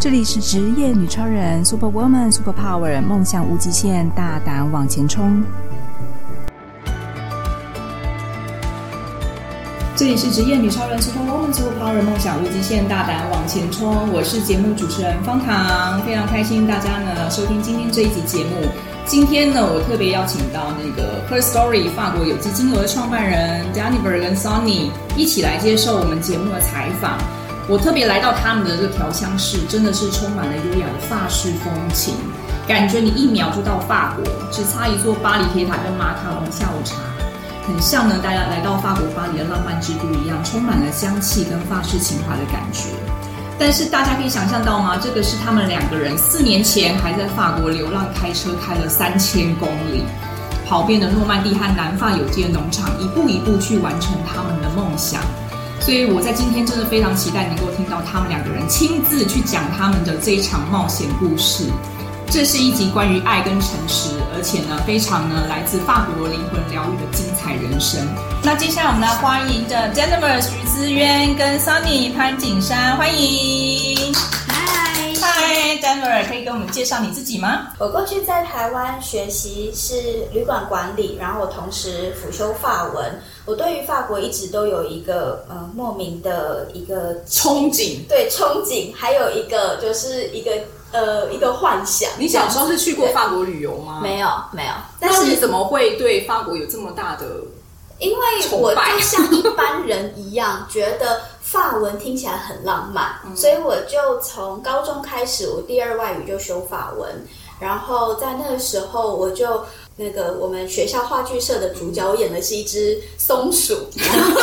這裡是職業女超人 Super Woman Super Power 夢想無極限，大膽往前衝。這裡是職業女超人 Super Woman Super Power 夢想無極限，大膽往前衝。我是節目主持人方糖，非常開心大家呢收聽今天這一集節目。今天呢，我特別邀請到那個 HERSTORY 法國有機精油的創辦人 Deniver 跟 Sunny 一起來接受我們節目的採訪。我特別來到他們的這個調香室，真的是充滿了優雅的法式風情，感覺你一秒就到法國，只差一座巴黎鐵塔跟馬卡龍下午茶，很像呢。大家來到法國巴黎的浪漫之都一樣，充滿了香氣跟法式情懷的感覺。但是大家可以想象到嗎？這個是他們兩個人四年前還在法國流浪，開車開了三千公里，跑遍了諾曼第和南法有機的農場，一步一步去完成他們的夢想。所以我在今天真的非常期待能夠聽到他們兩個人親自去講他們的這一場冒險故事。這是一集關於愛跟誠實，而且呢非常呢來自法國靈魂療癒的精彩人生。那接下來我們來歡迎著 Deniver 徐資淵跟 Sunny 潘槿珊，歡迎。可以跟我們介紹你自己嗎？我過去在台灣學習是旅館管理，然後我同時輔修法文。我對於法國一直都有一個呃莫名的一個憧憬，對憧憬，還有一個就是一個呃一個幻想。你小時候是去過法國旅遊嗎？沒有，沒有。但是你怎麼會對法國有這麼大的？因為我像一般人一樣 覺得。法文聽起來很浪漫、嗯，所以我就從高中開始，我第二外語就修法文。然後在那個時候，我就、嗯、那個我們學校話劇社的主角，我演的是一隻松鼠。嗯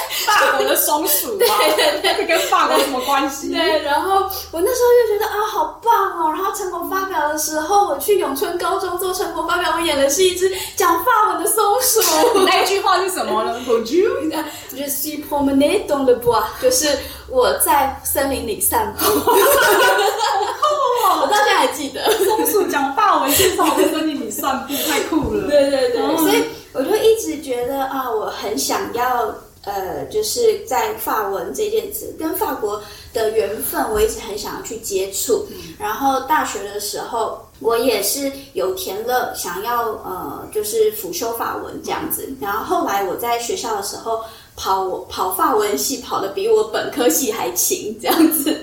法國的松鼠，對，這跟法國有什麼關係？對，然後我那時候就覺得啊，好棒哦！然後成果發表的時候，我去永春高中做成果發表，我演的是一隻講法文的松鼠。 那一句話是什麼呢？Je suis promenade dans le bois 就是我在森林裡散步。酷哦！我到現在還記得，松鼠講法文在森林裡散步，太酷了。 對對對、嗯，所以我就一直覺得啊，我很想要。呃，就是在法文這件事，跟法國的緣分，我一直很想要去接觸。然後大學的時候，我也是有填了想要呃，就是輔修法文這樣子。然後後來我在學校的時候，跑跑法文系跑得比我本科系還勤這樣子，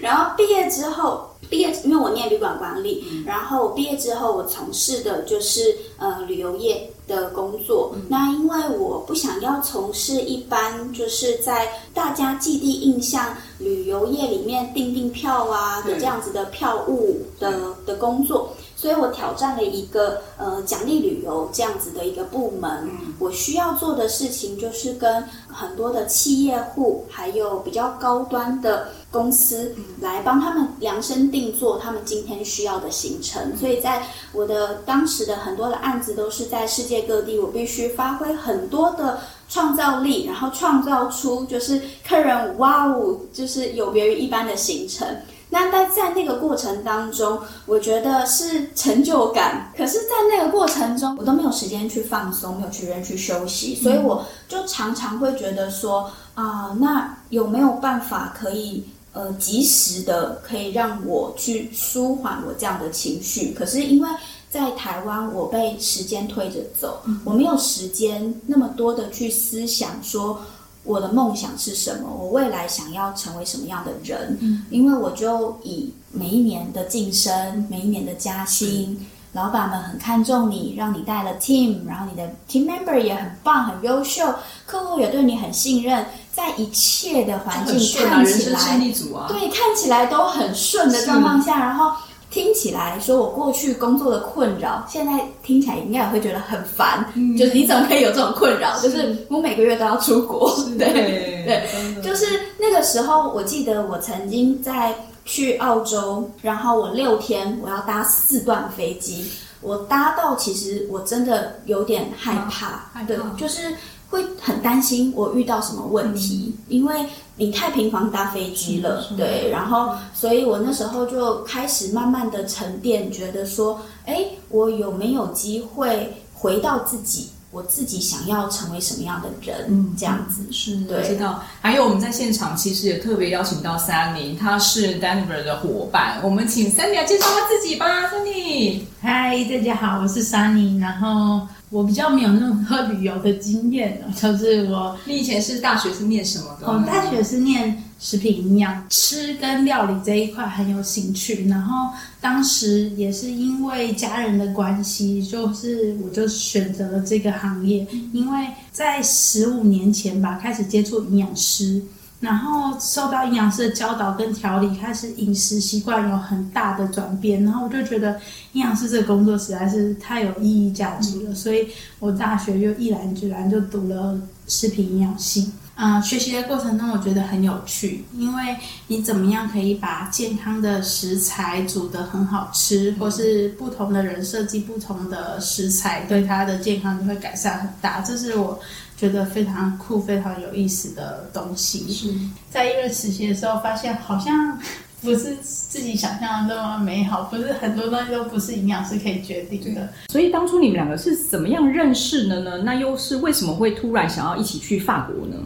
然後畢業之後畢業，因為我念旅館管理、嗯，然後畢業之後我從事的就是呃旅遊業的工作、嗯。那因為我不想要從事一般就是在大家既定印象旅遊業裡面訂訂票啊的這樣子的票務的、嗯、的工作。所以我挑戰了一個呃獎勵旅遊這樣子的一個部門、嗯，我需要做的事情就是跟很多的企業戶，還有比較高端的公司、嗯、來幫他們量身定做他們今天需要的行程、嗯。所以在我的當時的很多的案子都是在世界各地，我必須發揮很多的創造力，然後創造出就是客人哇哦，就是有別於一般的行程。那但在那個過程當中，我覺得是成就感。可是，在那個過程中，我都沒有時間去放鬆，沒有時間去休息，所以我就常常會覺得說，啊、呃，那有沒有辦法可以呃及時的可以讓我去舒緩我這樣的情緒？可是因為，在台灣，我被時間推着走，我沒有時間那麼多的去思想說。我的夢想是什麼？我未來想要成為什麼樣的人？嗯、因為我就以每一年的晉升、嗯、每一年的加薪，嗯、老闆們很看重你，讓你帶了 team，然後你的 team member 也很棒、嗯、很優秀，客戶也對你很信任，在一切的環境看起來，人生順利組啊、對，看起來都很順的狀況下，然後。聽起來說，我過去工作的困擾，現在聽起來應該也會覺得很煩。嗯、就是你怎麼可以有這種困擾？是、就是我每個月都要出國。對對、嗯，就是那個時候，我記得我曾經在去澳洲，然後我六天我要搭四段飛機，我搭到其實我真的有點害怕。啊、害怕。對，就是會很擔心我遇到什麼問題，嗯、因為。你太頻繁搭飛機了、嗯，對，然後，所以我那時候就開始慢慢的沉澱，覺得說，哎，我有沒有機會回到自己，我自己想要成為什麼樣的人，嗯、這樣子，是對、嗯。我知道，還有我們在現場其實也特別邀請到 Sunny，他是 Deniver 的夥伴，我們請 Sunny 介紹他自己吧，Sunny。嗨，大家好，我是 Sunny，然後。我比較沒有那麼多旅遊的經驗，就是我，你以前是大學是念什麼的？哦，我大學是念食品營養，吃跟料理這一塊很有興趣。然後當時也是因為家人的關係，就是我就選擇了這個行業。因為在十五年前吧，開始接觸營養師。然後受到營養師的教導跟調理，開始飲食習慣有很大的轉變。然後我就覺得，營養師這個工作實在是太有意義價值了。嗯、所以我大學就毅然決然就讀了食品營養系。嗯、呃，學習的過程中我覺得很有趣，因為你怎麼樣可以把健康的食材煮得很好吃，嗯、或是不同的人設計不同的食材，對他的健康就會改善很大。這是我。覺得非常酷、非常有意思的東西。是，在醫院實習的時候，發現好像不是自己想象的那麼美好，不是很多東西都不是營養師可以決定的。所以當初你們兩個是怎麼樣認識的呢？那又是為什麼會突然想要一起去法國呢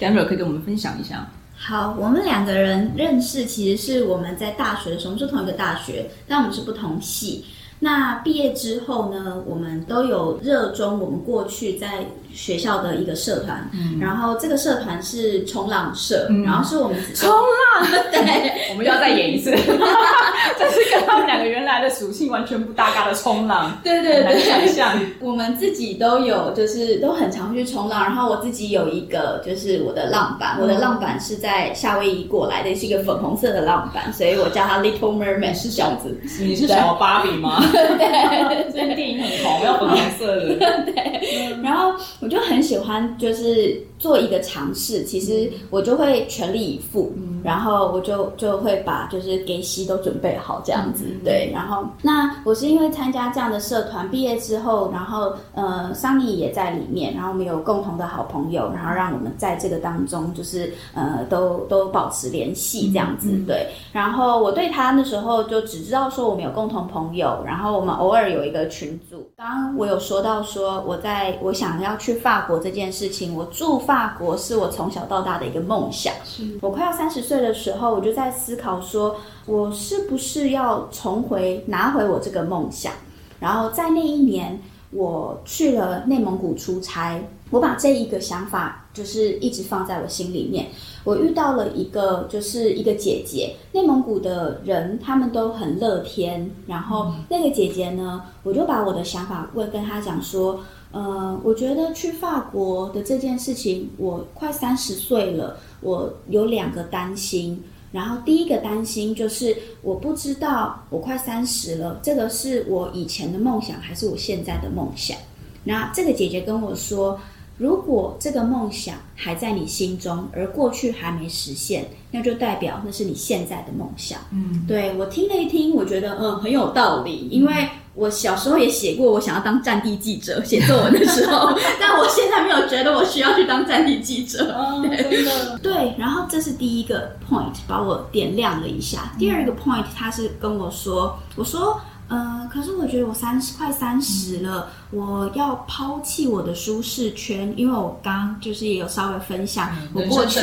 g e m 可以跟我們分享一下。好，我們兩個人認識其實是我們在大學的時候，我們是同一個大學，但我們是不同系。那畢業之後呢，我們都有熱衷我們過去在。學校的一個社團、嗯，然後這個社團是衝浪社、嗯，然後是我們、嗯、衝浪，對、就是，我們又要再演一次， 就是跟他們兩個原來的屬性完全不搭嘎的衝浪，對對對，對，難想象。我們自己都有，就是都很常去衝浪，然後我自己有一個，就是我的浪板、嗯，我的浪板是在夏威夷過來的，是一個粉紅色的浪板，所以我叫他 Little Mermaid，是小子，你是小芭比嗎？對，對，對，對，所 以電影很紅，不要 粉紅色的，對，對，對，然後。我就很喜歡，就是。做一個嘗試，其實我就會全力以赴，嗯嗯然後我就就會把就是給息都準備好這樣子，嗯嗯嗯對。然後那我是因為參加這樣的社團，畢業之後，然後呃桑尼也在裡面，然後我們有共同的好朋友，然後讓我們在這個當中就是呃，都都保持聯繫這樣子，嗯嗯嗯對。然後我對他那時候就只知道說我們有共同朋友，然後我們偶爾有一個群組。剛剛我有說到說我在我想要去法國這件事情，我住法國。法國是我從小到大的一個夢想。我快要三十歲的時候，我就在思考說，說我是不是要重回拿回我這個夢想？然後在那一年，我去了內蒙古出差，我把這一個想法就是一直放在我心裡面。我遇到了一個就是一個姐姐，內蒙古的人，他們都很樂天。然後那個姐姐呢，我就把我的想法問跟她講說。呃，我覺得去法國的這件事情，我快三十歲了，我有兩個擔心。然後第一個擔心就是，我不知道我快三十了，這個是我以前的夢想，還是我現在的夢想？那這個姐姐跟我說。如果這個夢想還在你心中，而過去還沒實現，那就代表那是你現在的夢想。嗯，對，我聽了一聽，我覺得，嗯，很有道理，因為我小時候也寫過，我想要當戰地記者，寫作文的時候， 但我現在沒有覺得我需要去當戰地記者。哦，真的。對，然後這是第一個 point，把我點亮了一下。嗯，第二個 point，他是跟我說，我說。嗯、呃、可是我覺得我三十快三十了、嗯，我要拋棄我的舒適圈，因為我剛，剛就是也有稍微分享，嗯、我過去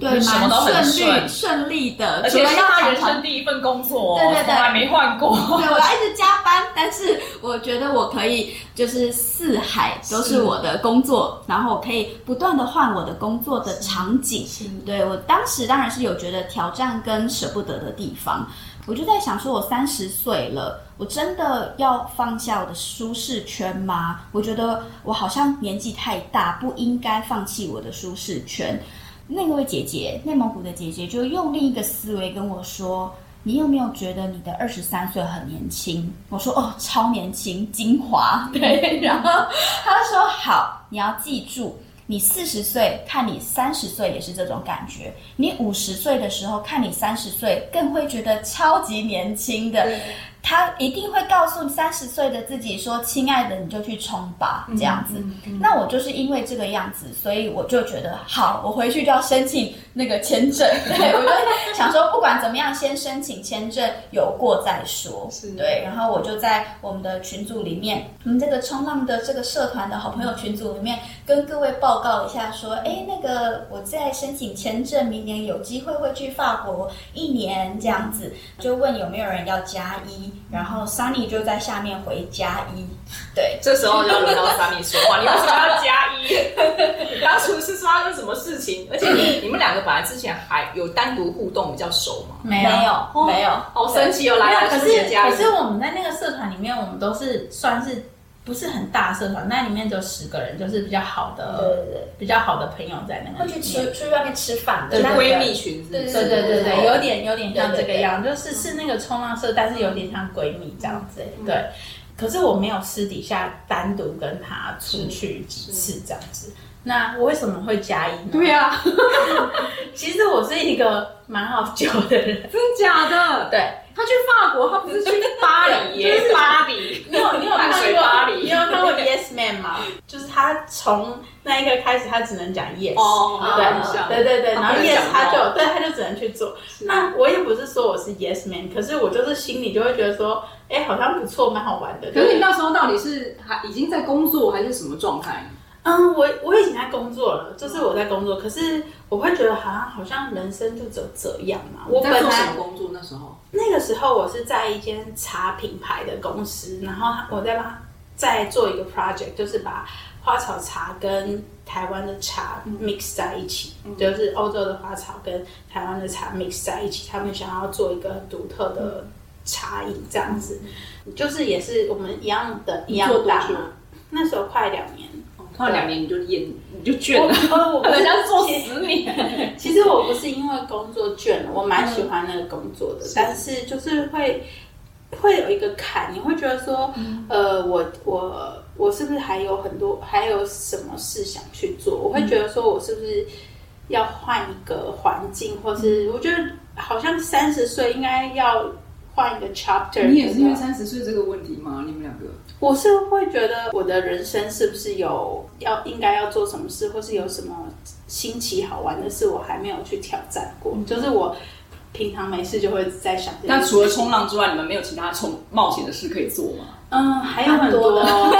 對，蠻順利順利的，而且是他人生第一份工作、哦常常，對對對，對，我還沒換過，對我一直加班，但是我覺得我可以就是四海都是我的工作，然後我可以不斷的換我的工作的場景，對我當時當然是有覺得挑戰跟舍不得的地方。我就在想，說我三十歲了，我真的要放下我的舒適圈嗎？我覺得我好像年紀太大，不應該放棄我的舒適圈。那位姐姐，內蒙古的姐姐，就用另一個思維跟我說：“你有沒有覺得你的二十三歲很年輕？”我說：“哦，超年輕，精華。”對，然後她說：“好，你要記住。”你四十歲看你三十歲也是這種感覺，你五十歲的時候看你三十歲更會覺得超級年輕的，他一定會告訴三十歲的自己說：“親愛的，你就去衝吧，這樣子。嗯嗯嗯”那我就是因為這個樣子，所以我就覺得好，我回去就要申請那個簽證。對，我就想說，不管怎麼樣，先申請簽證，有過再說是。對，然後我就在我們的群組裡面，我們這個衝浪的這個社團的好朋友群組裡面。嗯跟各位報告一下，說，哎、欸，那個我在申請簽證，明年有機會會去法國一年，這樣子，就問有沒有人要加一，然後 Sunny 就在下面回加一對。這時候就輪到 Sunny 說話，你為什麼要加一？當 初 是發生什麼事情？而且你 你們兩個本來之前還有單獨互動，比較熟嗎？沒有，哦、沒有，好、哦、神奇哦，來了數學家，可是可是我們在那個社團裡面，我們都是算是。不是很大社團，那裡面只有十個人，就是比較好的、對對對，比較好的朋友在那個會去吃出去外面吃飯的閨蜜群，對對對對，對對對對，有點有點像這個樣，對對對對，就是是那個衝浪社，但是有點像閨蜜這樣子。對，可是我沒有私底下單獨跟他出去幾次這樣子。那我為什麼會加一呢？對呀、啊， 其實我是一個蠻好酒的人，真假的？對。他去法國，他不是去巴黎耶？巴黎，你有，你， 你有去過巴黎。你有看過 yes man 嗎？就是他從那一刻開始，他只能講 yes、oh,。哦、啊，對對對對。然後 yes，他就，他他就對，他就只能去做。那我也不是說我是 yes man，可是我就是心裡就會覺得說，哎、欸，好像不錯，蠻好玩的。可是你那時候到底是還已經在工作，還是什麼狀態？嗯，我我已經在工作了，就是我在工作，可是我會覺得好像好像人生就只有這樣嘛。我本來工作那時候，那個時候我是在一間茶品牌的公司，然後我在幫他在做一個 project，就是把花草茶跟台灣的茶 mix 在一起，就是歐洲的花草跟台灣的茶 mix 在一起，他們想要做一個獨特的茶飲這樣子，就是也是我們一樣的一樣大，那時候快兩年。過了兩年你就厭，你就倦了。我，好要做十年。其實我不是因為工作倦了， 我蠻喜歡那個工作的，嗯、但是就是會會有一個坎，你會覺得說，嗯、呃，我我我是不是還有很多還有什麼事想去做、嗯。我會覺得說我是不是要換一個環境、嗯，或是我覺得好像三十歲應該要換一個 chapter。你也是因為三十歲這個問題嗎？你們兩個？我是會覺得我的人生是不是有要應該要做什麼事，或是有什麼新奇好玩的事，我還沒有去挑戰過。嗯。就是我平常沒事就會在想。那除了衝浪之外，你們沒有其他衝冒險的事可以做嗎？嗯，還有很多的，該做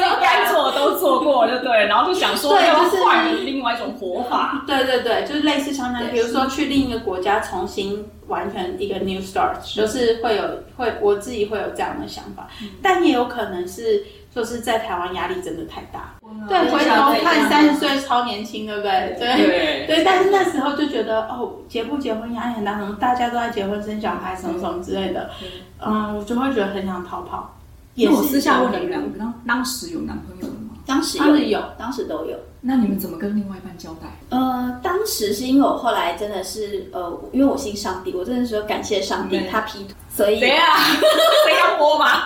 感到 都做過，就對。然後就想說，就是換另外一種活法。對、就是、 對對，對，就是類似相當於，比如說去另一個國家重新完成一個 new start，是就是會有會，我自己會有這樣的想法。嗯、但也有可能是，就是在台灣壓力真的太大。嗯、對，對，回頭看三十歲超年輕，對不對？對對，對，對，對。但是那時候就覺得，哦，結不結婚壓力很大，可能大家都在結婚生小孩什麼什麼，什麼之類的嗯，嗯，我就會覺得很想逃跑。因為我私下問了兩個，當當時有男朋友了嗎？當時有、有，當時都有。那你們怎麼跟另外一半交代？嗯、呃，當時是因為我後來真的是呃，因為我信上帝，我真的是說感謝上帝，okay. 他劈腿，所以誰啊？誰要我嗎？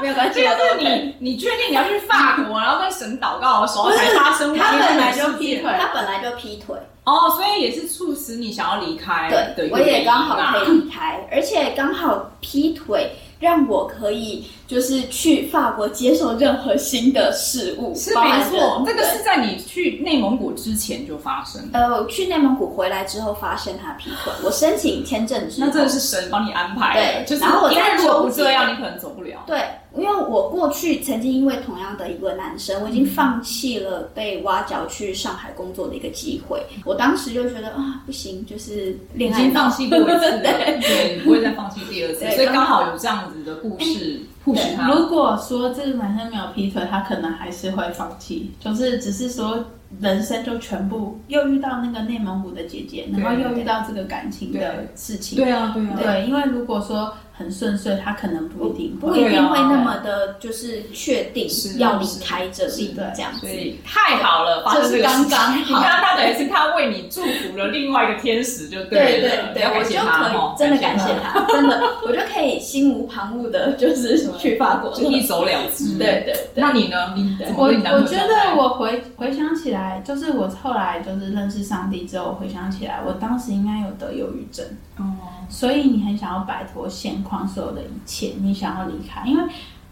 沒有關係啊， 你你確定你要去法國， 然後跟神禱告的時候才發生？他本來就劈腿，他本來就劈腿。哦，所以也是促使你想要離開。啊。對，我也剛好可以離開，嗯，而且剛好劈腿讓我可以。就是去法國接受任何新的事物，是沒錯。這個是在你去內蒙古之前就發生。呃，去內蒙古回來之後發生他批准。我申請簽證之後，那真的是神幫你安排。對，就是因為，如果不這樣，你可能走不了。對，因為我過去曾經因為同樣的一個男生，我已經放棄了被挖角去上海工作的一個機會。我當時就覺得啊，不行，就是戀愛，已經放棄過一次， 對，對 對你不會再放棄第二次。所以剛好，剛好有這樣子的故事。欸如果說這個男生沒有劈腿，他可能還是會放棄，就是只是說。人生就全部又遇到那個內蒙古的姐姐，然後、那個、又遇到這個感情的事情。對啊，對啊。對，因為如果說很順遂，他可能不一定，不一定會那麼的，就是確定要離開這裡，對，的這樣子。太好了，這是剛剛好。你看他，他等於是他為你祝福了另外一個天使，就對。對對對，對，感謝他我可以真的感謝他，感謝他，真的， 我就可以心無旁騖的，就是什麼去法國， 就一走了之。對對，對對，那你呢？嗯、你怎麼你我我覺得我回回想起來。就是我後來就是認識上帝之後回想起來，我當時應該有得憂鬱症哦、嗯，所以你很想要擺脫現況所有的一切，你想要離開，因為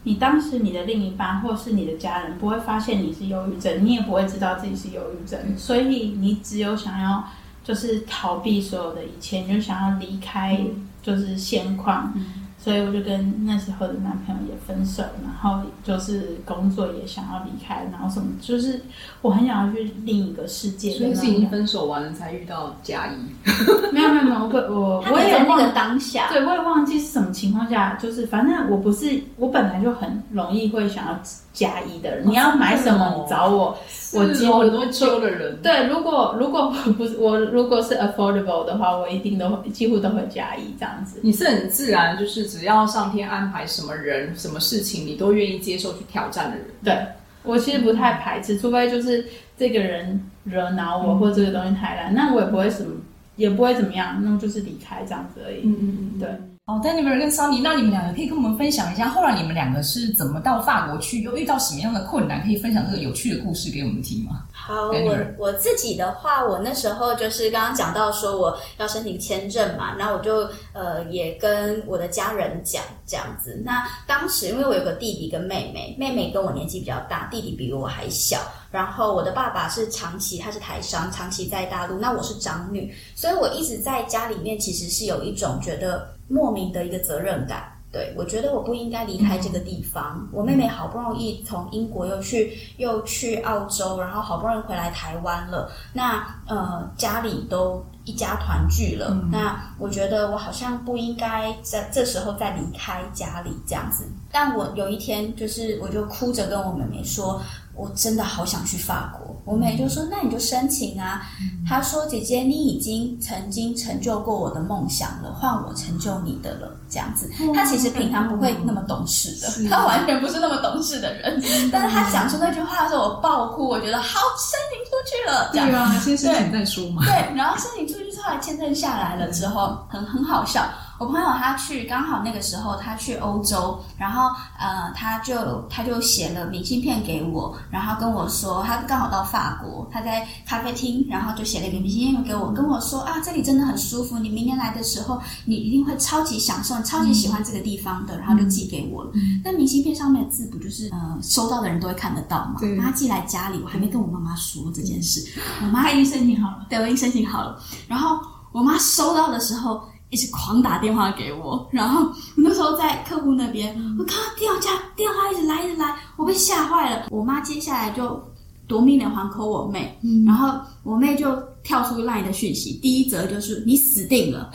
你當時你的另一半或是你的家人不會發現你是憂鬱症，你也不會知道自己是憂鬱症，所以你只有想要就是逃避所有的一切，你就想要離開就是現況。嗯所以我就跟那時候的男朋友也分手，然後就是工作也想要離開，然後什麼就是我很想要去另一個世界、嗯。所以是已經分手完了才遇到佳怡？ 沒有沒有沒有，我我我也有那個當下，對，我也忘記是什麼情況下，就是反正我不是我本來就很容易會想要。加一的人、哦，你要買什麼你、嗯、找我，我幾乎都會抽的人。對，如果如果不是我，如果是 affordable 的話，我一定都幾乎都會加一這樣子。你是很自然，就是只要上天安排什麼人、嗯、什麼事情，你都願意接受去挑戰的人。對，我其實不太排斥，除非就是這個人惹惱我，嗯、或這個東西太難，那我也不會什麼，嗯、也不會怎麼樣，那就是離開這樣子而已。嗯嗯，嗯，嗯，對。哦，Deniver 跟 Sunny，那你們兩個可以跟我們分享一下，後來你們兩個是怎麼到法國去，又遇到什麼樣的困難？可以分享這個有趣的故事給我們聽嗎？好，Deniver，我我自己的話，我那時候就是剛剛講到說我要申請簽證嘛，那我就呃也跟我的家人講這樣子。那當時因為我有個弟弟跟妹妹，妹妹跟我年紀比較大，弟弟比我還小。然後我的爸爸是長期，他是台商，長期在大陸。那我是長女，所以我一直在家裡面，其實是有一種覺得。莫名的一個責任感，對，我覺得我不應該離開這個地方。嗯、我妹妹好不容易從英國又去又去澳洲，然後好不容易回來台灣了。那呃家裡都一家團聚了、嗯，那我覺得我好像不應該在這時候再離開家裡這樣子。但我有一天就是我就哭着跟我妹妹說。我真的好想去法國，我妹就說，那你就申請啊。他說：“姐姐，你已經曾經成就過我的夢想了，換我成就你的了。”這樣子，他其實平常不會那麼懂事的，嗯、他完全不是那麼懂事的人。是但是他講出那句話的時候，我爆哭，我覺得好申請出去了。對啊，先申請再說嘛對。對，然後申請出去之後，簽證下來了之後，很很好笑。我朋友他去，剛好那個時候，他去歐洲，然後呃，他就他就寫了明信片給我，然後跟我說他剛好到法國，他在咖啡廳，然後就寫了一個明信片給我，跟我說啊，這裡真的很舒服，你明年來的時候，你一定會超級享受，超級喜歡這個地方的，嗯、然後就寄給我了。那、嗯、明信片上面的字不就是呃，收到的人都會看得到嘛？他寄來家裡，我還沒跟我媽媽說這件事，嗯、我媽已經申請好了，對，我已經申請好了。然後我媽收到的時候。一直狂打電話給我，然後我那時候在客戶那邊，我靠，掉價，電話一直來一直來，我被嚇壞了。我媽接下來就奪命連環 call 我妹，然後我妹就跳出 line 的訊息：第一則就是你死定了，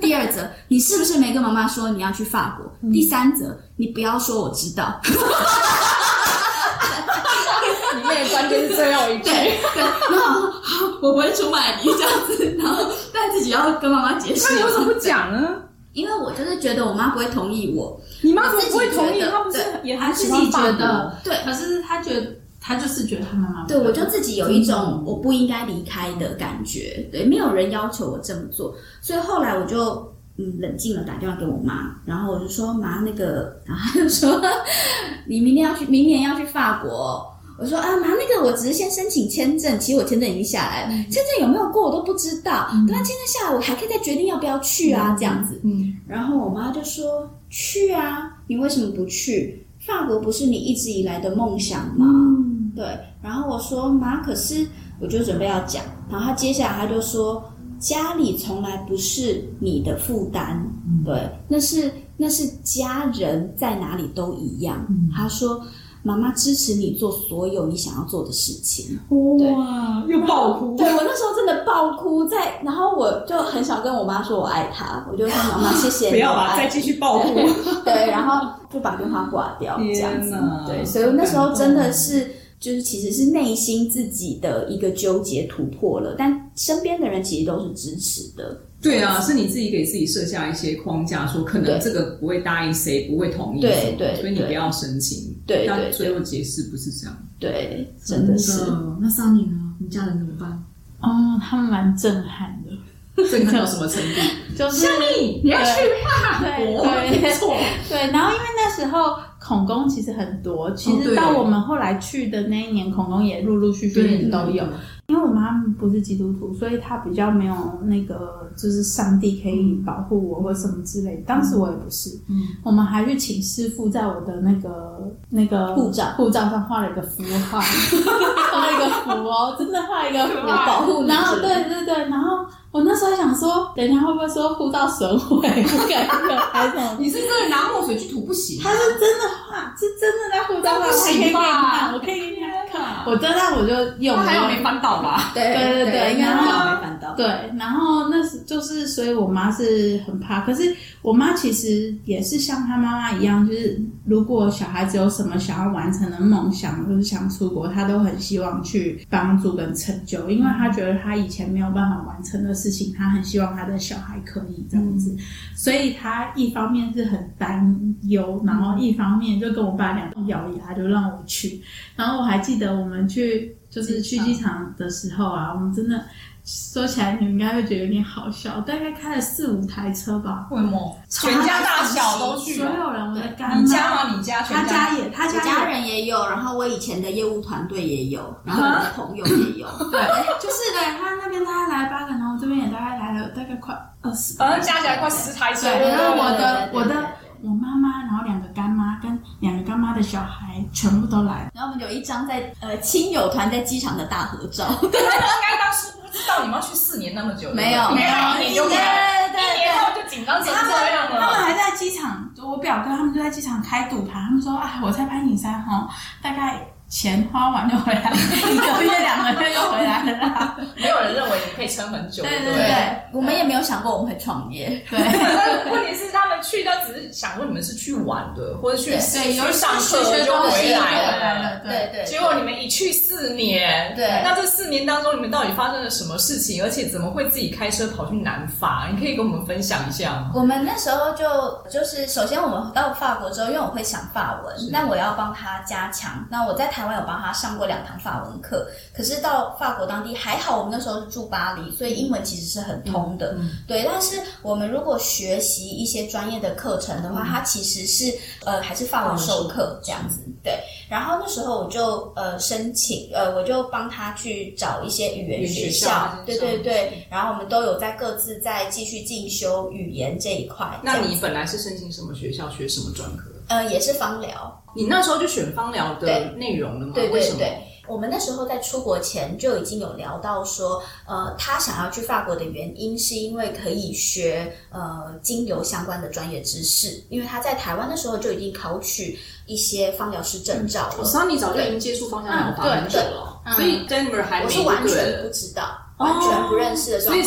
第二則你是不是沒跟媽媽說你要去法國？第三則你不要說我知道。 你妹關鍵是最後一句。對對然後我不會出賣你這樣子，然後但自己要跟媽媽解釋，那 你為什麼不講呢？因為我就是覺得我媽不會同意我，你媽怎麼不會同意？她不是也還是自己覺得，對，對，己覺得對，對，可是她覺得她就是覺得她媽媽對，我就自己有一種我不應該離開的感覺，對，沒有人要求我這麼做，所以後來我就嗯冷靜了，打電話給我媽，然後我就說，媽那個，然後她就說 你明天要去，明年要去法國。我說啊媽，那個我只是先申請簽證，其實我簽證已經下來了，嗯、簽證有沒有過我都不知道，等他簽證下來我還可以再決定要不要去啊，這樣子、嗯嗯。然後我媽就說：“去啊，你為什麼不去？法國不是你一直以來的夢想嗎？嗯、對。”然後我說：“媽，可是我就準備要講。”然後他接下來他就說：“家裡從來不是你的負擔，嗯、對，那是那是家人在哪裡都一樣。嗯”他說。.媽媽支持你做所有你想要做的事情。哇，又爆哭！啊、對，我那時候真的爆哭在，在然後我就很少跟我媽說我愛她，我就說媽媽 謝謝你。不要吧、啊，再繼續爆哭，對。對，然後就把電話掛掉。天哪，這樣子！對，所以那時候真的是真、啊、就是其實是內心自己的一個糾結突破了，但身邊的人其實都是支持的。對啊，是你自己給自己設下一些框架，說可能這個不會答應，誰不會同意？對對，所以你不要申請。對對，給我解釋不是這樣。對，真的是。嗯、那 Sunny 呢？你家人怎麼辦？哦，他們蠻震撼的，震撼到什麼程度？ 就是你，你要去法國。哦，沒錯。對，然後因為那時候恐攻其實很多，其實到我們後來去的那一年，恐攻也陸陸續續，續都有。對對對對因為我媽不是基督徒，所以她比較沒有那個，就是上帝可以保護我或什麼之類。當時我也不是，嗯，我們還去請師傅在我的那個那個護照護照上畫了一個符號，畫了一個符哦， 畫了一個符哦，真的畫一個符，符保護你。然後對對對，然後。我那時候想說，等一下會不會說護照手尾？不敢不敢是頭。你是不是拿墨水去塗不行？他是真的畫，是真的在護照上，我可以給你看，我可以給你看。我真的我就有，還有沒翻到吧？對對對對，對，對，沒翻到對，然後那是就是，所以我媽是很怕。可是我媽其實也是像她媽媽一樣，就是如果小孩子有什麼想要完成的夢想，就是想出國，她都很希望去幫助跟成就，因為她覺得她以前沒有辦法完成的。事情他很希望他的小孩可以這樣子，嗯、所以他一方面是很擔憂，嗯，然後一方面就跟我爸兩個咬牙，就讓我去。然後我還記得我們去就是去機場的時候啊，我們真的說起來你們應該會覺得有點好笑，大概開了四五台車吧？為、嗯、麼？全家大小都去你、啊、所有人，我的乾媽、你家、啊、你家、全家、家、他家也，他家、也家人也有，然後我以前的業務團隊也有，然後我的朋友也有， 對，就是對，他那邊他來八個 也大概來了大概快二十，反、嗯、正加起來快十台車。然後我的我的我媽媽，然後兩個乾媽跟兩個乾媽的小孩全部都來了。然後我們有一張在呃親友團在機場的大合照。 應該當時不知道你們要去四年那麼久，沒有沒有，你永遠一年就後就緊張起來了。他們還在機場，我表哥他們就在機場開賭盤，他們說啊，我在攀頂山哈、嗯，大概。錢花完就回來了。。 一個月兩個月就回來了。 沒有人認為你可以撐很久。對對對，對，對，我們也沒有想過我們會創業 對。對，問題是他們去都只是想說，你們是去玩的，或者去對，去上學就回來了。對對，對對，結果你們一去四年對。對。那這四年當中你們到底發生了什麼事情？而且怎麼會自己開車跑去南法？你可以跟我們分享一下嗎？我們那時候就就是，首先我們到法國之後，因為我會講法文，但我要幫他加強。那我在台。台灣有幫他上過兩堂法文課，可是到法國當地還好，我們那時候是住巴黎，所以英文其實是很通的。嗯、對，但是我們如果學習一些專業的課程的話、嗯，它其實是呃還是法文授課這樣子、嗯。對，然後那時候我就呃申請呃我就幫他去找一些語言學校，學校，對對對。然後我們都有在各自在繼續進修語言這一塊。那你本來是申請什麼學校學什麼專科？呃，也是芳療。你那時候就選芳療的內容了嗎？對對對,對，為什麼？我們那時候在出國前就已經有聊到說，呃，他想要去法國的原因是因為可以學呃精油相關的專業知識，因為他在台灣的時候就已經考取一些芳療師證照了。嗯、我知道你早就已經接觸芳香療法很久、嗯、了、嗯，所以 Deniver 還沒對，我是完全不知道，完全不認識的，狀、哦、以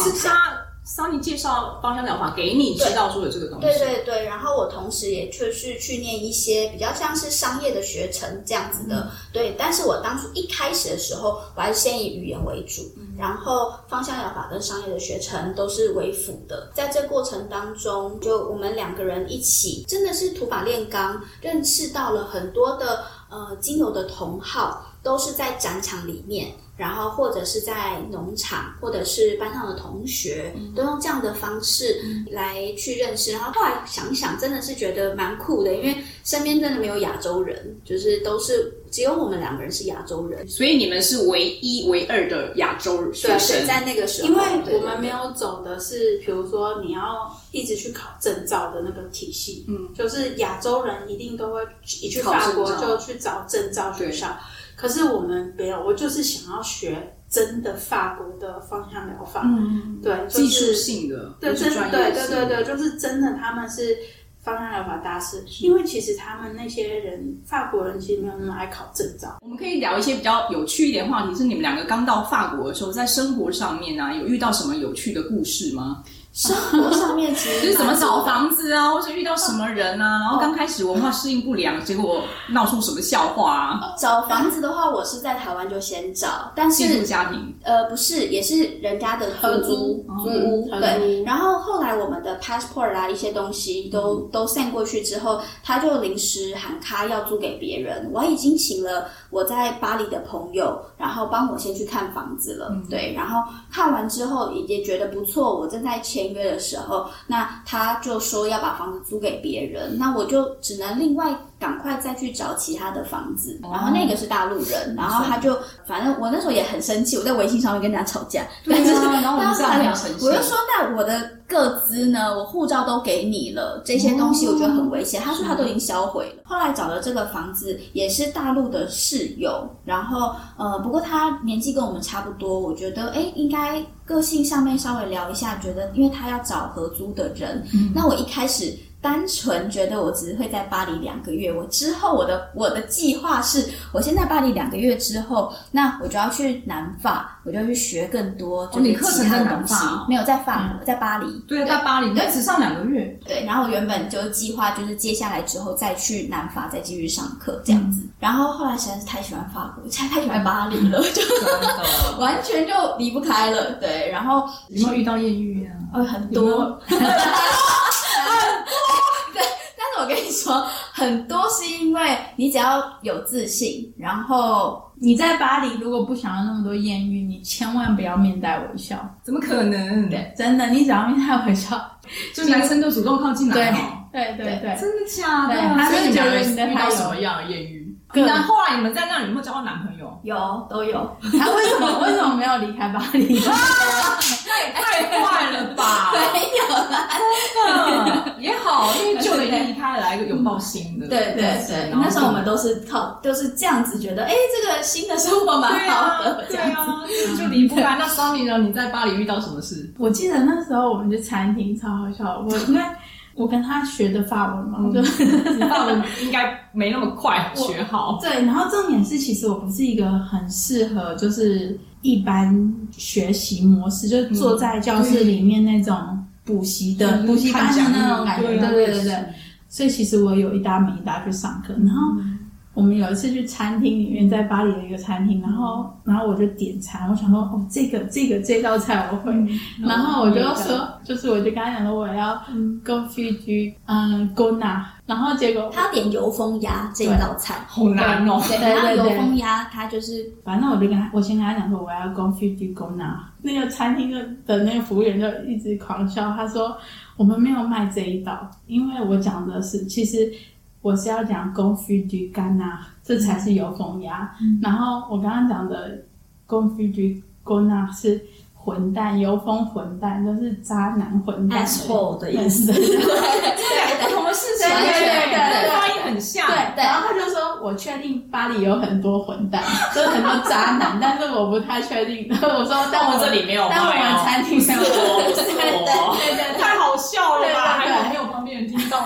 桑尼介紹芳香療法給你知道說的這個東西，對，對對對。然後我同時也確實去念一些比較像是商業的學程這樣子的，嗯、對。但是我當初一開始的時候，我還是先以語言為主，嗯、然後芳香療法跟商業的學程都是為輔的。在這過程當中，就我們兩個人一起真的是土法煉鋼，認識到了很多的呃精油的同好，都是在展場裡面。然後或者是在農場，或者是班上的同學，嗯、都用這樣的方式來去認識。然後後來想一想，真的是覺得蠻酷的，因為身邊真的沒有亞洲人，就是都是只有我們兩個人是亞洲人，所以你們是唯一唯二的亞洲學生。對對，在那個時候，因為我們沒有走的是，比如說你要一直去考證照的那個體系，嗯，就是亞洲人一定都會去一去法國就去找證照學校。可是我們沒有，我就是想要學真的法國的芳香療法。嗯，對、就是，技術性的，對真的，對對對對，對，對，就是真的，他們是芳香療法大師、嗯。因為其實他們那些人，法國人其實沒有那麼愛考證照、嗯。我們可以聊一些比較有趣一點話題。是你們兩個剛到法國的時候，在生活上面呢、啊，有遇到什麼有趣的故事嗎？生活上面其實 怎麼找房子啊，或者遇到什麼人啊， 然後剛開始文化適應不良， 結果鬧出什麼笑話啊？找房子的話，我是在台灣就先找，但是先家庭呃不是，也是人家的合租租屋，嗯、對，然後後來我們的 passport 啊一些東西都，嗯、都 send 過去之後，他就臨時喊卡要租給別人。我已經請了我在巴黎的朋友，然後幫我先去看房子了，嗯，對，然後看完之後也覺得不錯，我正在簽。簽約的時候，那他就說要把房子租給別人，那我就只能另外，趕快再去找其他的房子，哦、然後那個是大陸人、嗯，然後他就反正我那時候也很生氣，我在微信上面跟人家吵架。對啊、然後我我就說，那我的個資呢？我護照都給你了，這些東西我覺得很危險。嗯啊、他說他都已經銷毀了。嗯、後來找了這個房子也是大陸的室友，然後呃不過他年紀跟我們差不多，我覺得誒，應該個性上面稍微聊一下，覺得因為他要找合租的人，嗯、那我一開始。單純覺得我只是會在巴黎兩個月，我之後我的我的計劃是，我現在巴黎兩個月之後，那我就要去南法，我就要去學更多。就的東西、哦、你課程在南法、哦？沒有在法國，嗯、在巴黎對。對，在巴黎，你就只上兩個月。對，對，然後我原本就計劃就是接下來之後再去南法再繼續上課這樣子，然後後來實在是太喜歡法國，實在太喜歡巴黎了，就 完全就離不開了。對，然後有沒有遇到艷遇啊？呃，很多。有 我跟你說，很多是因為你只要有自信，然後你在巴黎如果不想要那麼多艷遇，你千萬不要面帶微笑。怎麼可能對對？真的，你只要面帶微笑，就男生就主動靠近男對，對對對對，真的假的？還是所以你、嗯、遇到什麼樣艷遇？那、嗯、後來你們在那裡面有沒有交到男朋友？有，都有。他為什麼 為什麼沒有離開巴黎？那、啊、也太壞了吧！ 沒有啦，啦、嗯、也好，因為終於離開了，來一個擁抱新的。對對對，那時候我們都是靠、嗯，都是這樣子覺得，哎、欸，這個新的生活蠻好的，對、啊、樣對、啊對啊、就離不開。那張明了你在巴黎遇到什麼事？我記得那時候我們的餐廳超好笑，我那。 我跟他學的法文嘛，我、嗯就是、法文應該沒那麼快學好。對，然後重點是，其實我不是一個很適合就是一般學習模式，就是坐在教室裡面那種補習的補習、嗯、班的那種感覺對。對對對對，所以其實我有一搭沒一搭去上課，然後。我們有一次去餐廳裡面，在巴黎的一個餐廳，然後，然後我就點餐，我想說，哦，這個，這個，這道菜我會。嗯、然後我就說，oh、就是我就跟他講說，我要 Goussy 嗯 Goula。然後結果他點油封鴨這一道菜，好難哦。他油封鴨，他就是反正、嗯、我就跟他，我先跟他講說，我要 Goussy G Goula。那個餐廳的的那個服務員就一直狂笑，他說，我們沒有賣這一道，因為我講的是其實。我是要講公雞對干吶，這才是油封鴨。然後我剛剛講的公雞對公那是混蛋，油封混蛋都是渣男混蛋。asshole 的意思，對,對,對,對兩個不同的釋義，對對對，發音很像。對對,對,對,對,對對。然後他就說，我確定巴黎有很多混蛋，有、就是、很多渣男， 但是我不太確定。我說但我，但、哦、我這裡沒有，但我們餐廳有、喔。 對,對,對,對對，太好笑了吧？對對對還有還有。對對對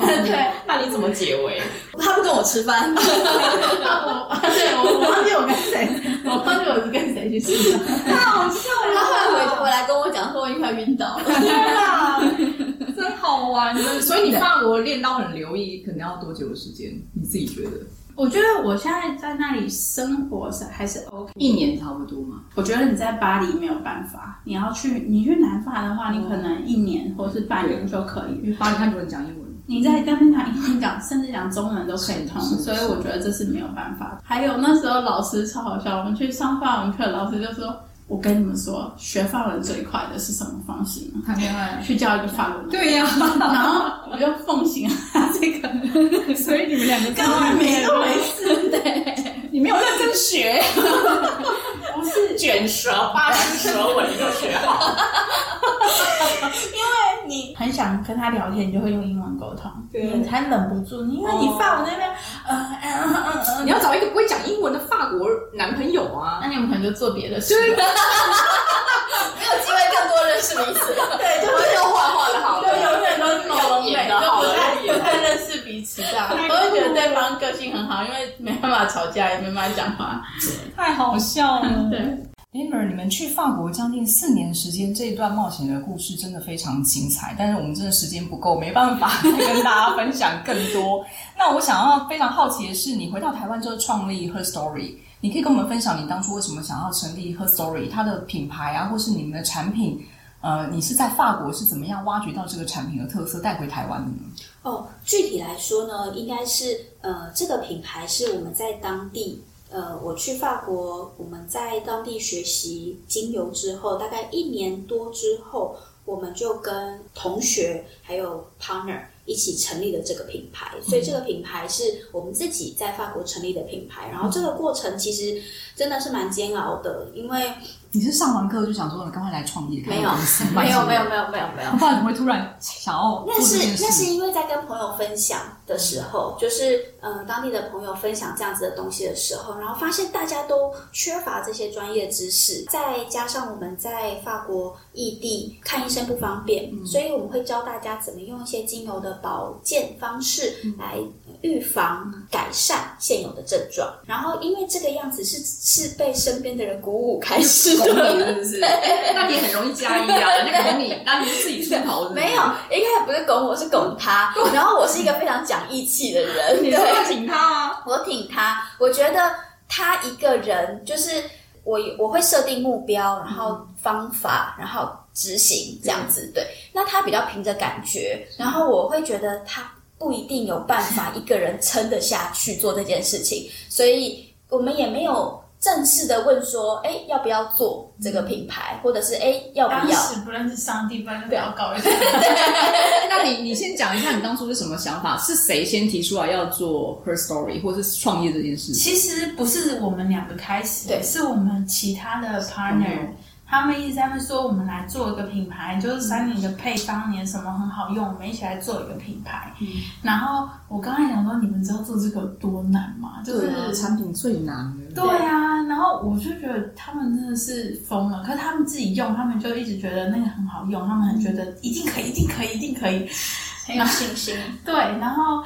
對、 嗯，那你怎麼解圍？他不跟我吃飯。 我，對我忘記我跟誰，我忘記我是跟誰去吃飯。太 好笑了。他回來跟我講說一，我快要暈倒。天哪，真好玩。所以你發我練到很流利可能要多久的時間？你自己覺得？我覺得我現在在那裡生活還是 OK， 一年差不多嘛。我覺得你在巴黎沒有辦法，你要去你去南法的話，你可能一年或是半年就可以。因為巴黎他只能講英文。你在單身講、英語講，甚至講中文都可以通，是是，所以我覺得這是沒有辦法的。是是還有那時候老師超好笑，我們去上法文課，老師就說：“我跟你們說，學法文最快的是什麼方式呢？談戀愛？去教一個法文。 ”對呀、啊，然後，然後我就奉行他，啊、這個， 所以你們兩個根本沒沒事 對你沒有認真學，不是， 是卷舌發式舌吻就學好， 因為你很想跟他聊天，你就會用英文溝通，你才忍不住。因為你法文那邊、嗯嗯，嗯，你要找一個不會講英文的法國男朋友啊？那你有可能就做別的事沒有機會更多認識彼此。對，就會用畫畫的好對，就永遠都蒙昧，的就不太不太認識彼此的。我會覺得對方個性很好， 因為沒辦法吵架。慢講話，太好笑了。 對 i m e r 你們去法國將近四年時間，這一段冒險的故事真的非常精彩。但是我們真的時間不夠，沒辦法再跟大家分享更多。 那我想要非常好奇的是，你回到台灣之後創立 Her Story，你可以跟我們分享你當初為什麼想要成立 Her Story？它的品牌啊，或是你們的產品？呃，你是在法國是怎麼樣挖掘到這個產品的特色帶回台灣的呢？哦，具體來說呢，應該是呃，這個品牌是我們在當地，呃，我去法國，我們在當地學習精油之後，大概一年多之後，我們就跟同學還有 partner 一起成立了這個品牌，所以這個品牌是我們自己在法國成立的品牌。然後這個過程其實真的是蠻煎熬的，因為。你是上完課就想說你趕快來創業？沒有，沒有，沒有，沒有，沒有，沒有。不然怎麼會突然想要？那是那是因為在跟朋友分享。的時候，就是嗯，當地的朋友分享這樣子的東西的時候，然後發現大家都缺乏這些專業知識，再加上我們在法國異地看醫生不方便，所以我們會教大家怎麼用一些精油的保健方式來預防、改善現有的症狀。然後，因為這個樣子是是被身邊的人鼓舞開始的， 是不是？ 欸、那你很容易加一呀、啊，就拱你，讓、欸、你自己自豪。沒有，應該不是拱我是，是拱他。然後我是一個非常講。義氣的人，你都挺他嗎，啊？我挺他。我覺得他一個人就是我，我會設定目標，然後方法，然後執行這樣子。對，那他比較憑着感覺，然後我會覺得他不一定有辦法一個人撐得下去做這件事情，所以我們也沒有。正式的問說：“哎、欸，要不要做這個品牌？嗯、或者是哎、欸，要不要？”不然是，不認識上帝，不然就不要搞一下。 那你你先講一下你當初是什麼想法？是誰先提出來要做 Her Story 或者創業這件事？其實不是我們兩個開始，對，是我們其他的 partner，、嗯、他們一直在那說我們來做一個品牌，就是三年的配方，當年什麼很好用，我們一起來做一個品牌。嗯、然後我剛才講到，你們知道做這個多難嗎？就是產品最難。對啊，然後我就覺得他們真的是瘋了，可是他們自己用，他們就一直覺得那個很好用，他們很覺得一定可以，一定可以，一定可以，很有信心。對，然後。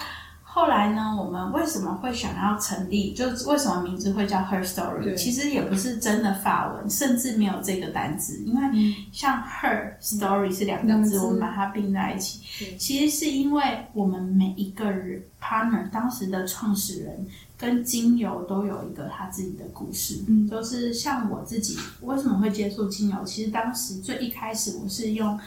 後來呢，我們為什麼會想要成立？就為什麼名字會叫 Her Story？其實也不是真的法文，甚至沒有這個單字。因為像 Her Story 是兩個字，嗯、字我們把它併在一起。其實是因為我們每一個人 partner 當時的創始人跟精油都有一個他自己的故事。嗯，都、就是像我自己，我為什麼會接觸精油？其實當時最一開始我是用，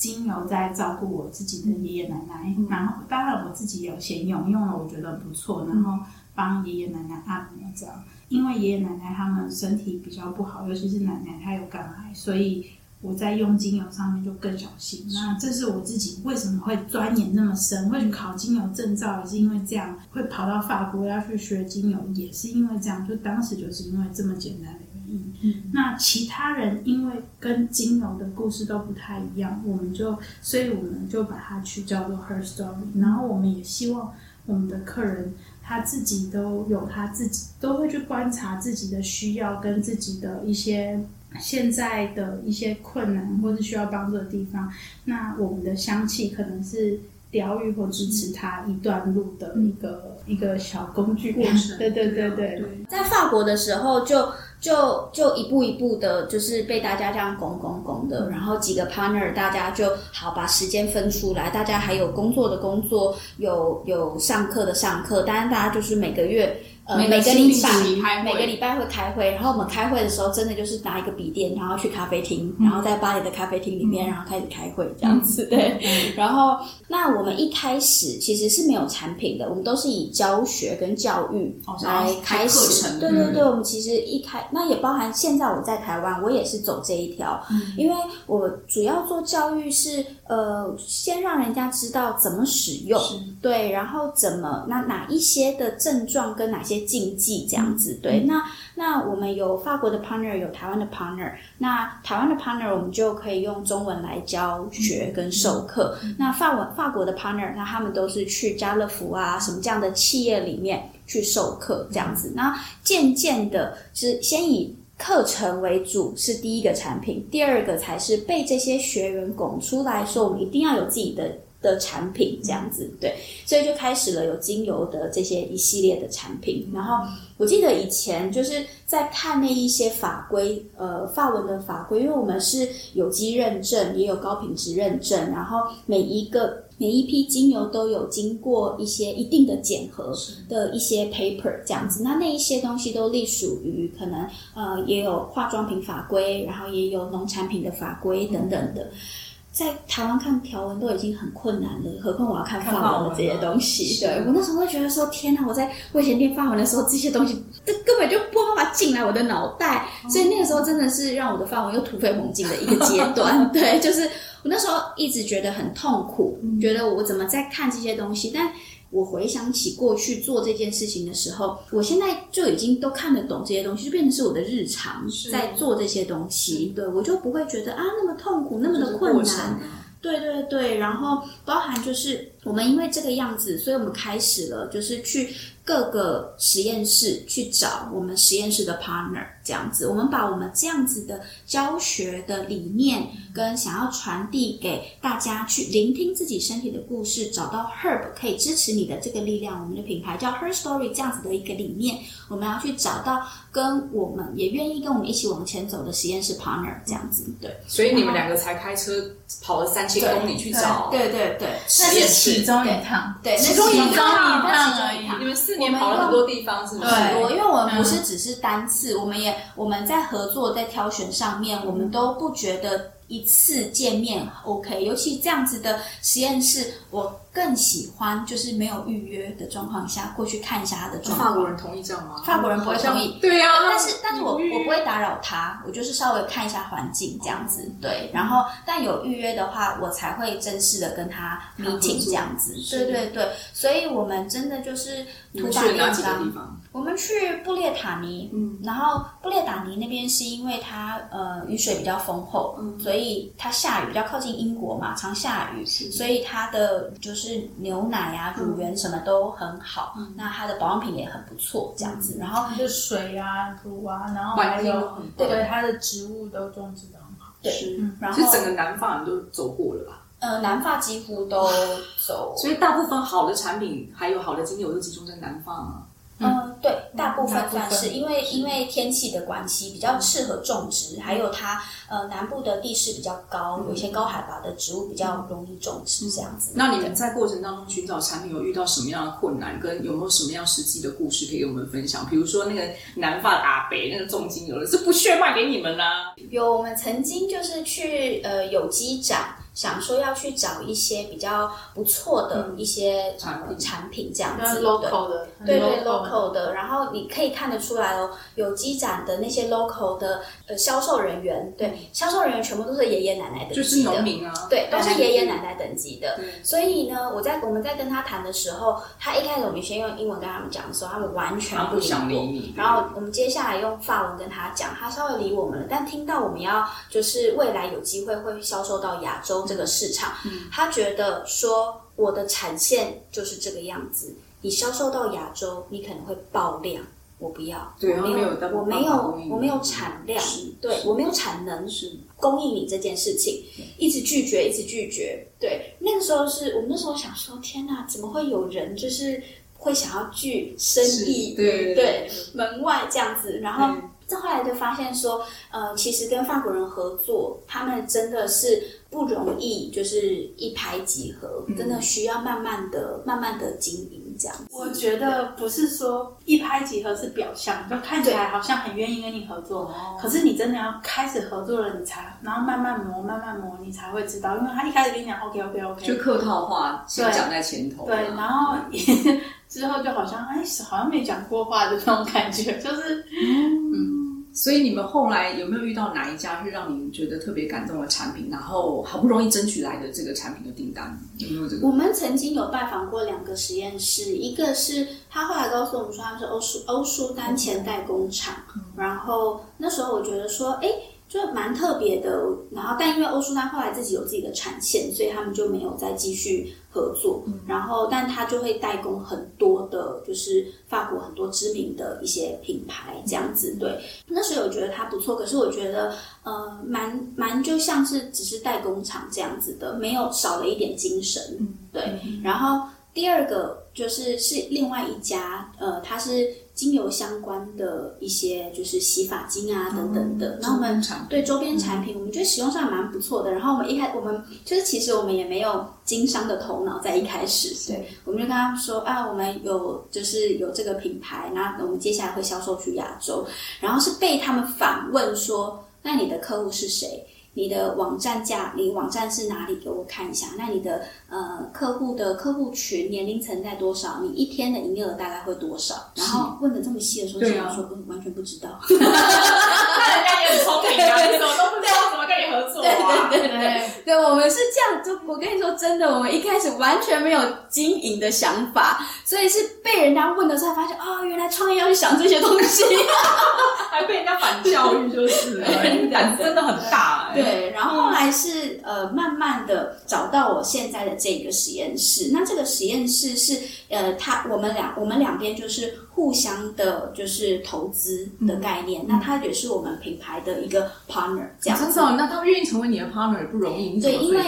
精油在照顧我自己的爺爺奶奶，嗯，然後當然我自己有先用用了，我覺得不錯，然後幫爺爺奶奶按摩這樣。因為爺爺奶奶他們身體比較不好，尤其是奶奶她有肝癌，所以我在用精油上面就更小心。那這是我自己為什麼會鑽研那麼深，為什麼考精油證照也是因為這樣，會跑到法國要去學精油也是因為這樣，就當時就是因為這麼簡單。嗯， 那其他人因為跟金牛的故事都不太一樣，我們就所以我們就把它去叫做 Her Story。然後我們也希望我們的客人他自己都有他自己都會去觀察自己的需要跟自己的一些現在的一些困難，或者需要幫助的地方。那我們的香氣可能是療癒或支持他一段路的一個 一個小工具過程。對，對對對對，在法國的時候就。就就一步一步的，就是被大家這樣拱拱拱的，然後幾個 partner，大家就好，好把時間分出來，大家還有工作的工作，有有上課的上課，當然大家就是每個月。呃、每個禮拜每個禮拜會開會、嗯，然後我們開會的時候，真的就是拿一個筆電，然後去咖啡廳，嗯、然後在巴黎的咖啡廳裡面，嗯、然後開始開會這樣子。對，嗯、然後那我們一開始其實是沒有產品的，我們都是以教學跟教育來、哦、開始開課程。對對對，我們其實一開那也包含現在我在台灣，我也是走這一條，嗯、因為我主要做教育是呃，先讓人家知道怎麼使用，對，然後怎麼那哪一些的症狀跟哪些，禁忌，這樣子。對，那那我們有法國的 partner，有台灣的 partner。那台灣的 partner，我們就可以用中文來教學跟授課。那法文法國的 partner，那他們都是去家樂福啊什麼這樣的企業裡面去授課這樣子。那漸漸的，是先以課程為主，是第一個產品，第二個才是被這些學員拱出來說，我們一定要有自己的。的產品這樣子對，所以就開始了有精油的這些一系列的產品。然後我記得以前就是在看那一些法規，呃，法文的法規，因為我們是有機認證，也有高品質認證，然後每一個每一批精油都有經過一些一定的檢核的一些 paper 這樣子。那那一些東西都隸屬於可能呃也有化妝品法規，然後也有農產品的法規等等的。在台灣看條文都已經很困難了，何況我要看法文的這些東西。對，我那時候就覺得說，天哪！我在危險練法文的時候，這些東西都根本就沒辦法進來我的腦袋，嗯，所以那個時候真的是讓我的法文又突飛猛進的一個階段。 對，就是我那時候一直覺得很痛苦，嗯，覺得我怎麼在看這些東西，但。我回想起過去做這件事情的時候，我現在就已經都看得懂這些東西，就變成是我的日常在做這些東西，對，我就不會覺得啊那麼痛苦，那麼的困難，就是、對對對，然後包含就是。我們因為這個樣子，所以我們開始了，就是去各個實驗室去找我們實驗室的 partner，這樣子。我們把我們這樣子的教學的理念跟想要傳遞給大家，去聆聽自己身體的故事，找到 herb 可以支持你的這個力量。我們的品牌叫 HERSTORY，這樣子的一個理念，我們要去找到跟我們也願意跟我們一起往前走的實驗室 partner，這樣子。對。所以你們兩個才開車跑了三千公里去找。對對對。對對對對對對只招一趟，對，只招一趟而已。你們四年跑了很多地方是不是？是嗎？對，因為我們不是只是單次，嗯、我們也我們在合作，在挑選上面，我們都不覺得一次見面、嗯、OK，尤其這樣子的實驗室，我。更喜歡就是沒有預約的狀況下過去看一下他的狀況、嗯。法國人同意這樣嗎？法國人不會同意，嗯、對呀、啊嗯。但是，但是我我不會打擾他，我就是稍微看一下環境這樣子，對。然後，但有預約的話，我才會正式的跟他 meeting 這樣子。對對對，所以我們真的就是。有去了解的地方。我們去布列塔尼、嗯，然後布列塔尼那邊是因為它呃雨水比較豐厚、嗯，所以它下雨比較靠近英國嘛，常下雨，所以它的就是牛奶啊、乳源什麼都很好。嗯、那它的保養品也很不錯、嗯，這樣子。然後它的水啊、乳啊，然後還有對它的植物都種植的很好。對，嗯、然後整個南方你都走過了吧？呃，南方幾乎都走，所以大部分好的產品還有好的精油都集中在南方啊。對，大部分算是，嗯、因為因為天氣的關係比較適合種植，嗯、還有它呃南部的地勢比較高，有、嗯、些高海拔的植物比較容易種植、嗯、這樣子。那你們在過程當中尋找產品有遇到什麼樣的困難？跟有沒有什麼樣實際的故事可以給我們分享？比如說那個南法的阿北那個種精油，的是不缺賣給你們啦、啊？有，我們曾經就是去呃有機展。想說要去找一些比較不錯的一些產品，這樣子的、嗯，對、嗯、對，local 的。Local 對 local 對 local local 然後你可以看得出來哦，有機展的那些 local 的。銷售人員，對，銷售人員全部都是爺爺奶奶等級的，就是農民啊，對，都是爺爺奶奶等級的。嗯、所以呢，我在我們在跟他談的時候，他一開始我們先用英文跟他們講的時候，他們完全不理我，他不想理你，對。然後我們接下來用法文跟他講，他稍微理我們了，但聽到我們要就是未來有機會會銷售到亞洲這個市場，嗯、他覺得說我的產線就是這個樣子，你銷售到亞洲，你可能會爆量。我不要，對我沒有,沒有，我沒有，我沒有產量，嗯、對我沒有產能是供應你這件事情，一直拒絕，一直拒絕。對，那個時候是我們那時候想說，天哪，怎麼會有人就是會想要拒生意？對對,對,對,對,對門外這樣子。然後再、嗯、後來就發現說，呃，其實跟法國人合作，他們真的是不容易，就是一拍即合，嗯、真的需要慢慢的、慢慢的經營。我覺得不是說一拍即合，是表象，就看起來好像很願意跟你合作，哦，可是你真的要開始合作了，你才然後慢慢磨，慢慢磨，你才會知道。因為他一開始跟你講 OK OK OK，就客套話先講在前頭，對，然後，然後之後就好像哎、欸，好像沒講過話的這種感覺，就是嗯。嗯所以你們後來有沒有遇到哪一家是讓你們覺得特別感動的產品？然後好不容易爭取來的這個產品的訂單，有沒有這個？我們曾經有拜訪過兩個實驗室，一個是他後來告訴我們說他是歐舒歐舒丹前代工廠，嗯嗯，然後那時候我覺得說哎，就蠻特別的。然後但因為歐舒丹後來自己有自己的產線，所以他們就沒有再繼續。合作，然後但他就會代工很多的，就是法國很多知名的一些品牌這樣子。對，那時候我覺得他不錯，可是我覺得呃，蠻蠻就像是只是代工廠這樣子的，沒有少了一點精神。對，然後。第二個就是是另外一家，呃，它是精油相關的一些，就是洗髮精啊等等的。嗯、然後我們對周邊產品，我們覺得使用上蠻不錯的，嗯。然後我們一開，我們就是其實我們也沒有經商的頭腦，在一開始對，對，我們就跟他說啊，我們有就是有這個品牌，然後我們接下來會銷售去亞洲。然後是被他們反問說，那你的客戶是誰？你的網站價，你網站是哪裡？給我看一下。那你的呃客戶的客戶群年齡層在多少？你一天的營業額大概會多少？然後問得這麼細的時候，竟然、啊、說完全不知道。哈哈哈，人家也很聰明啊， 對對對 對對對對，對,對,對,對，我們是這樣。就我跟你說，真的，我們一開始完全沒有經營的想法，所以是被人家問的時候才發現，哦，原來創業要去想這些東西，哈哈哈，還被人家反教育，就是膽真的很大。 對,對,對,對，然後後來是呃，慢慢的找到我現在的這個實驗室。那這個實驗室是呃，他我們兩我們兩邊就是。互相的，就是投資的概念、嗯，那他也是我們品牌的一個 partner，這樣子，嗯。沒、嗯啊、那他願意成為你的 partner 也不容易對。對，因為，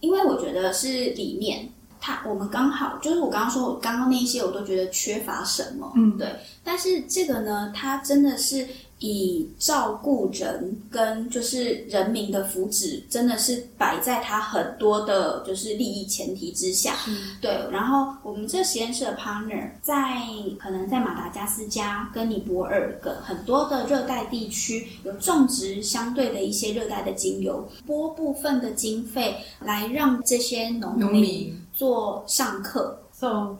因為我覺得是理念，他我們剛好就是我剛剛說我剛剛那一些，我都覺得缺乏什麼，嗯，對。但是這個呢，它真的是。以照顧人跟就是人民的福祉，真的是擺在他很多的，就是利益前提之下。嗯、對，然後我們這實驗室的 partner 在可能在馬達加斯加跟尼泊爾的很多的熱帶地區，有種植相對的一些熱帶的精油，撥部分的經費來讓這些農民做上課、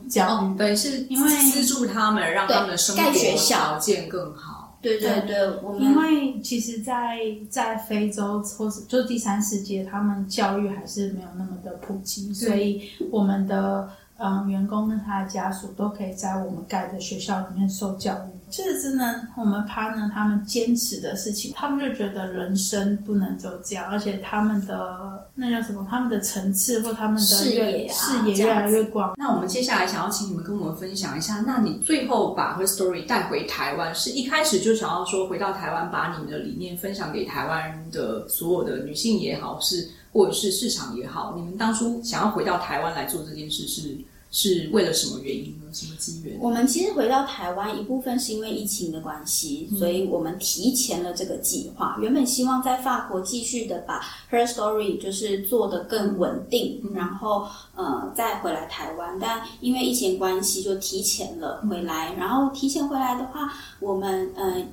獎、嗯嗯、對，是因為是資助他們，讓他們生活條件更好。對對對，對我們因為其實在，在在非洲或是就第三世界，他們教育還是沒有那麼的普及，所以我們的嗯、呃呃、員工跟他的家屬都可以在我們蓋的學校裡面受教育。其實呢，我們怕呢，他們堅持的事情，他們就覺得人生不能就這樣，而且他們的那叫什麼？他們的層次或他們的視野、啊，視野越來越廣。那我們接下來想要請你們跟我們分享一下，那你最後把 Her Story 帶回台灣，是一開始就想要說回到台灣，把你們的理念分享給台灣的所有的女性也好，是或者是市場也好，你們當初想要回到台灣來做這件事是，是？是為了什麼原因呢？什麼機緣？我們其實回到台灣一部分是因為疫情的關係、嗯，所以我們提前了這個計劃。原本希望在法國繼續的把 Her Story 就是做得更穩定，嗯、然後呃再回來台灣，但因為疫情關係就提前了回來。嗯、然後提前回來的話，我們嗯。呃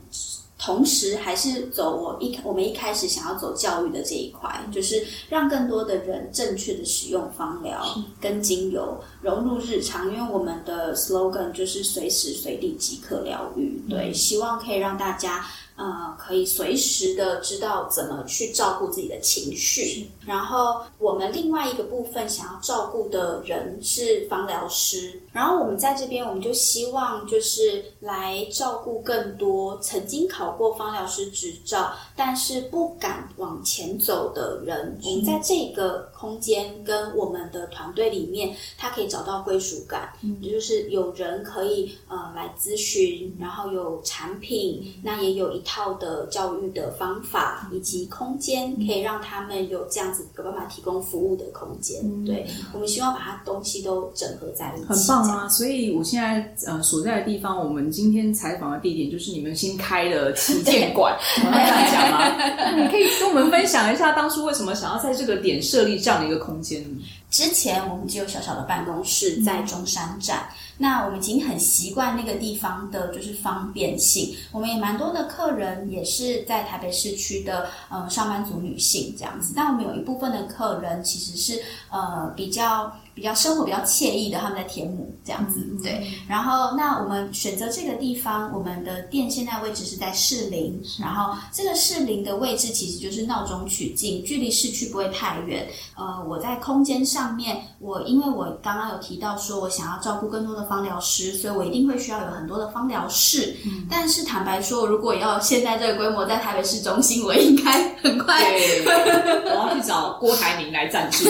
同時，還是走我一開我們一開始想要走教育的這一塊，嗯、就是讓更多的人正確的使用芳療跟精油，融入日常。因為我們的 slogan 就是隨時隨地即刻療癒，嗯、對，希望可以讓大家。呃、嗯，可以隨時的知道怎麼去照顧自己的情緒。然後我們另外一個部分想要照顧的人是芳療師，然後我們在這邊，我們就希望就是來照顧更多曾經考過芳療師執照，但是不敢往前走的人。我們在這個。嗯空間跟我們的團隊裡面，他可以找到歸屬感，嗯、也就是有人可以呃來諮詢、嗯，然後有產品，那也有一套的教育的方法，嗯、以及空間、嗯、可以讓他們有這樣子有辦法提供服務的空間。嗯、對，我們希望把它東西都整合在一起，很棒啊！所以我現在呃所在的地方，我們今天採訪的地點就是你們新開的旗艦館，我要這樣 講嗎？ 你可以跟我們分享一下，當初為什麼想要在這個點設立這樣。這樣的一個空間。之前我們只有小小的辦公室在中山站，嗯，那我們已經很習慣那個地方的，就是方便性。我們也蠻多的客人也是在台北市區的，呃，上班族女性這樣子。但我們有一部分的客人其實是呃，比較比較生活比較愜意的，他們在天母這樣子。嗯嗯，對，然後那我們選擇這個地方，我們的店現在位置是在士林，然後這個士林的位置其實就是鬧中取靜，距離市區不會太遠。呃，我在空間上。上面我因為我剛剛有提到說我想要照顧更多的芳療師，所以我一定會需要有很多的芳療室，嗯。但是坦白說，如果要現在這個規模在台北市中心，我應該很快對對對， 我要去找。郭台銘來贊助，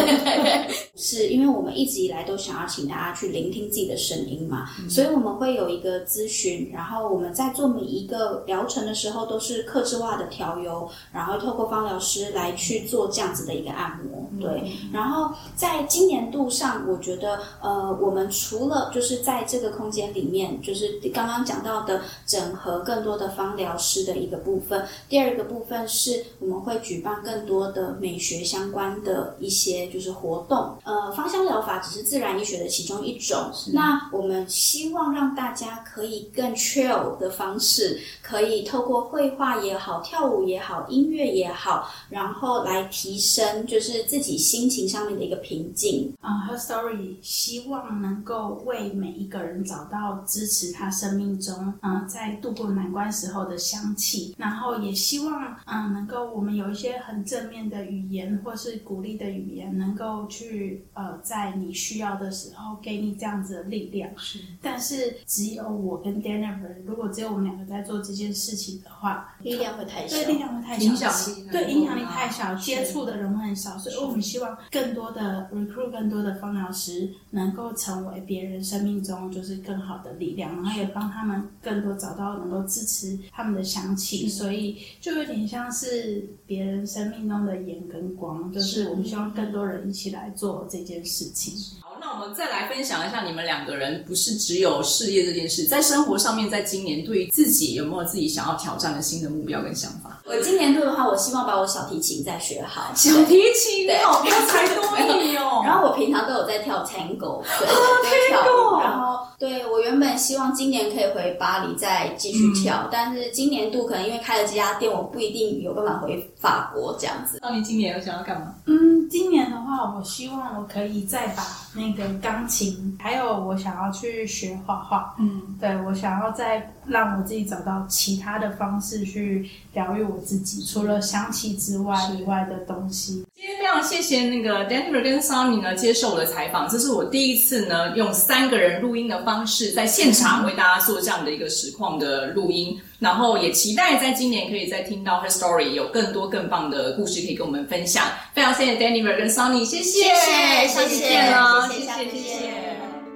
是因為我們一直以來都想要請大家去聆聽自己的聲音嘛、嗯，所以我們會有一個諮詢，然後我們在做每一個療程的時候都是客制化的調油，然後透過芳療師來去做這樣子的一個按摩，嗯、對。然後在今年度上，我覺得呃，我們除了就是在這個空間裡面，就是剛剛講到的整合更多的芳療師的一個部分，第二個部分是我們會舉辦更多的美學相關的一些就是活動，呃，芳香療法只是自然醫學的其中一種。那我們希望讓大家可以更 chill 的方式，可以透過繪畫也好、跳舞也好、音樂也好，然後來提升就是自己心情上面的一個平靜。啊、uh,，Herstory 希望能夠為每一個人找到支持他生命中，嗯、uh,，在度過難關時候的香氣。然後也希望，嗯、uh,，能夠我們有一些很正面的語言。言或是鼓勵的語言，能夠去呃，在你需要的時候給你這樣子的力量。是，但是只有我跟 Deniver 如果只有我們兩個在做這件事情的話，力量會太小，對，力量會太、太小，對，影響力太小，啊、接觸的人會很少，所以我們希望更多的 recruit 更多的芳療師，能夠成為別人生命中就是更好的力量，然後也幫他們更多找到能夠支持他們的香氣。所以就有點像是別人生命中的嚴格。燈光就是，我們希望更多人一起來做這件事情。那我們再來分享一下，你們兩個人不是只有事業這件事，在生活上面，在今年對於自己有沒有自己想要挑戰的新的目標跟想法？我今年度的話，我希望把我小提琴再學好。小提琴沒有多才多藝哦。 然後我平常都有在跳 tango，對，oh, 對 tango? 對，然後，對我原本希望今年可以回巴黎再繼續跳，嗯、但是今年度可能因為開了這家店，我不一定有辦法回法國這樣子。那你今年有想要幹嘛？嗯，今年的話，我希望我可以再把。那個鋼琴，還有我想要去學畫畫。嗯，對，我想要在。讓我自己找到其他的方式去療癒我自己，除了香氣之外以外的東西。今天非常謝謝那個 Deniver 跟 Sunny 呢，接受我的採訪。這是我第一次呢，用三個人錄音的方式在現場為大家做這樣的一個實況的錄音。然後也期待在今年可以再聽到 HERSTORY，有更多更棒的故事可以跟我們分享。非常謝謝 Deniver 跟 Sunny，謝謝，謝謝謝謝，謝謝。謝謝